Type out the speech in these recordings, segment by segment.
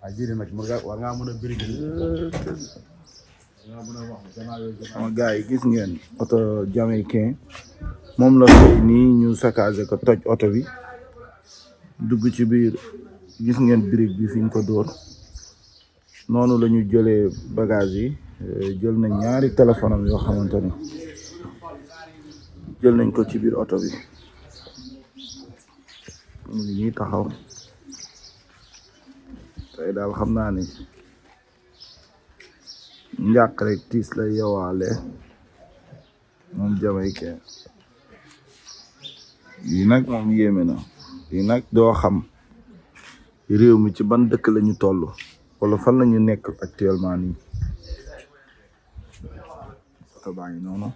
waaw jërëjëf nag mën nga war ngaa mën a bëri sama gars yi gis ngeen oto jamaïcain moom la fay nii ñu saccagé ko toj oto bi dugg ci biir gis ngeen brique bi fiñ ko dóor noonu lañu jële jëlee bagage yi euh, jël nañ ñaari téléphone yoo xamante ni jël nañ ko ci biir oto bi mu ngi taxaw tey daal xam naa ni njàq rek tiis la yowaale moom jamaykee yi nag moom yéeme na yi nag doo xam réew mi ci ban dëkk lañu toll wala fan lañu nekk actuellement nii oto baa ngi noonu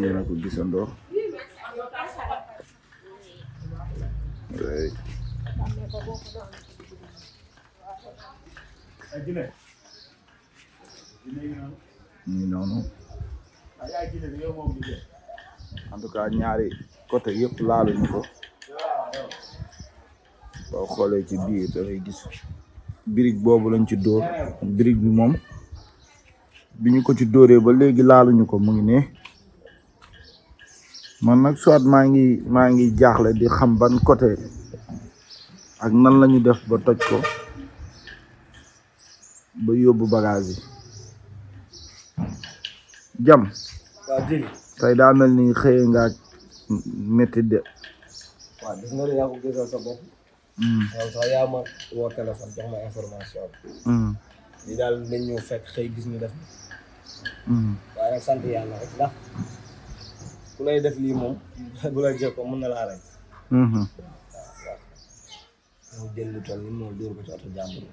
yéena ko gisandoo Right. noonu en tout cas ñaari côté yëpp laaluñu ko boo xoolee ci biir birig boobu lañ ci dóor birig bi moom bi ñu ko ci dóoree ba léegi laaluñu ko mu ngi ne man nag soit maa ngi maa ngi jaaxle di xam ban côté ak nan lañu def ba toj ko ba yóbbu bagage yi jam tey daa mel ni xëye nga métti de waaw gis mm. mm. xëy gis ñu def mm. ku lay def lii moom bu jokkoo mën na laa rey. Mhm. waaw jël lu toll nii moom dóor ko ci oto jàmbur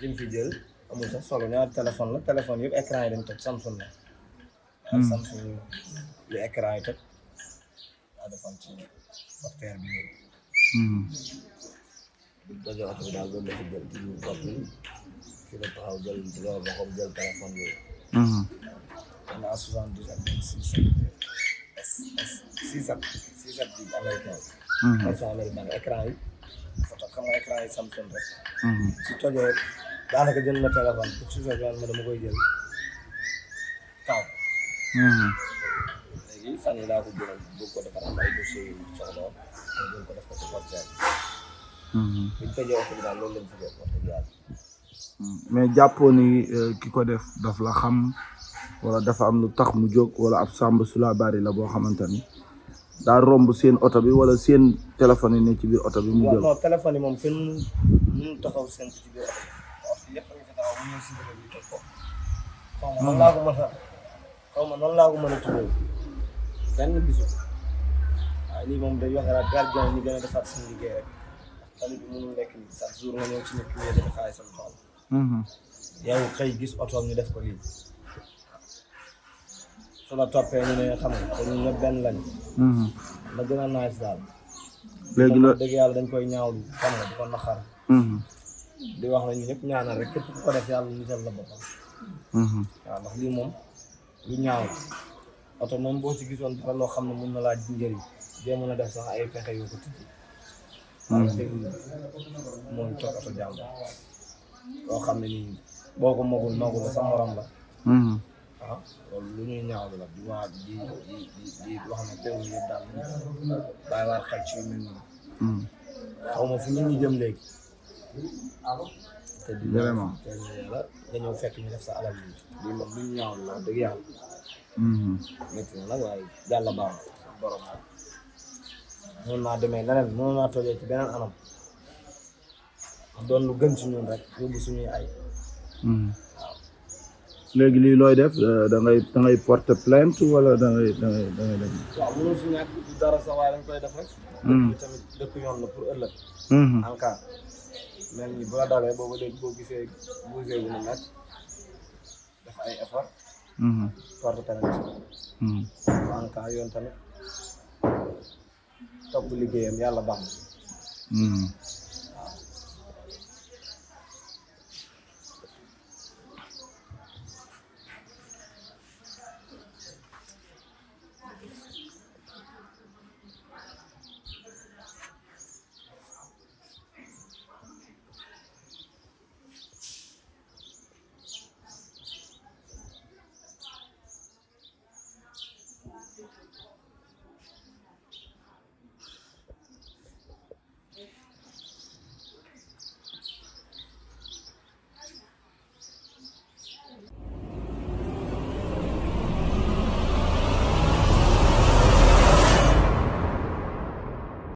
li fi jël amul sax solo ñaar téléphone la téléphone yëpp écran yi dañ Samsung la. Mhm. waaw Samsung lu écran yi toj ci porteur bi ñëw. Mhm. bi daal on a 72 ak 26. 6 ak 6 ak yi. photo xam nga écran yi Samsung rek. su tojee daanaka jël na téléphone pour su fekkee ma jël taw. Mm-hmm. léegi fan yii laa ko jëloon bëgg ko defar am ay dossiers yu soxla woon nga jël ko def ko ci mais jàppoo ni euh, ki ko def daf la xam wala dafa am lu tax mu jóg wala ab sàmb sula bari la boo xamante ni daa romb seen oto bi wala seen téléphone yi ne ci biir oto bi. mu jël waaw non moom kenn mënu taxaw seen ci biir moom day Mm-hmm. yow xëy gis oto ñu def ko lii su la toppee ñu ne xam nga te ñun benn lañ mm-hmm. la gën a naaj daal léegi la dëgg yàlla dañ koy ñaawlu xam nga di ko naqar mm-hmm. di wax ne ñu ñëpp ñaanal rek képp ko def yàlla nital la boppam waaw ndax lii moom lu ñaaw oto moom boo ci gisoon dara loo xam ne mun na laa njëriñ dee mën a def sax ay pexe yoo ko tijji mooy toog oto jàmm loo xam ne ni boo ko magul magul sa morom la hmm. ah loolu lu ñuy ñaawlu la di waa di di di wax ne teew yëpp daal nañu bàyyi waat xel ci yu hmm. ma fu ñu ñu jëm léegi te dañoo fekk ñu def sa alal yi lii moom lu ñu ñaawlu la dëgg yàlla hmm. métti na nag waaye yàlla baax borom naa demee leneen moom naa tojee ci beneen anam doon lu gën ci rek ay. Hmm. léegi lii looy def euh, da ngay porte plainte wala da ngay da ngay da ngay dem. dara sax waaye dañ koy def hmm. dëkk tamit dëkk yoon la pour ëllëg. Hmm. en cas mel ni bu la dalee boobu léegi boo gisee bougé wu na nag def ay porte plainte. en cas yoon tamit topp liggéeyam yàlla baax na.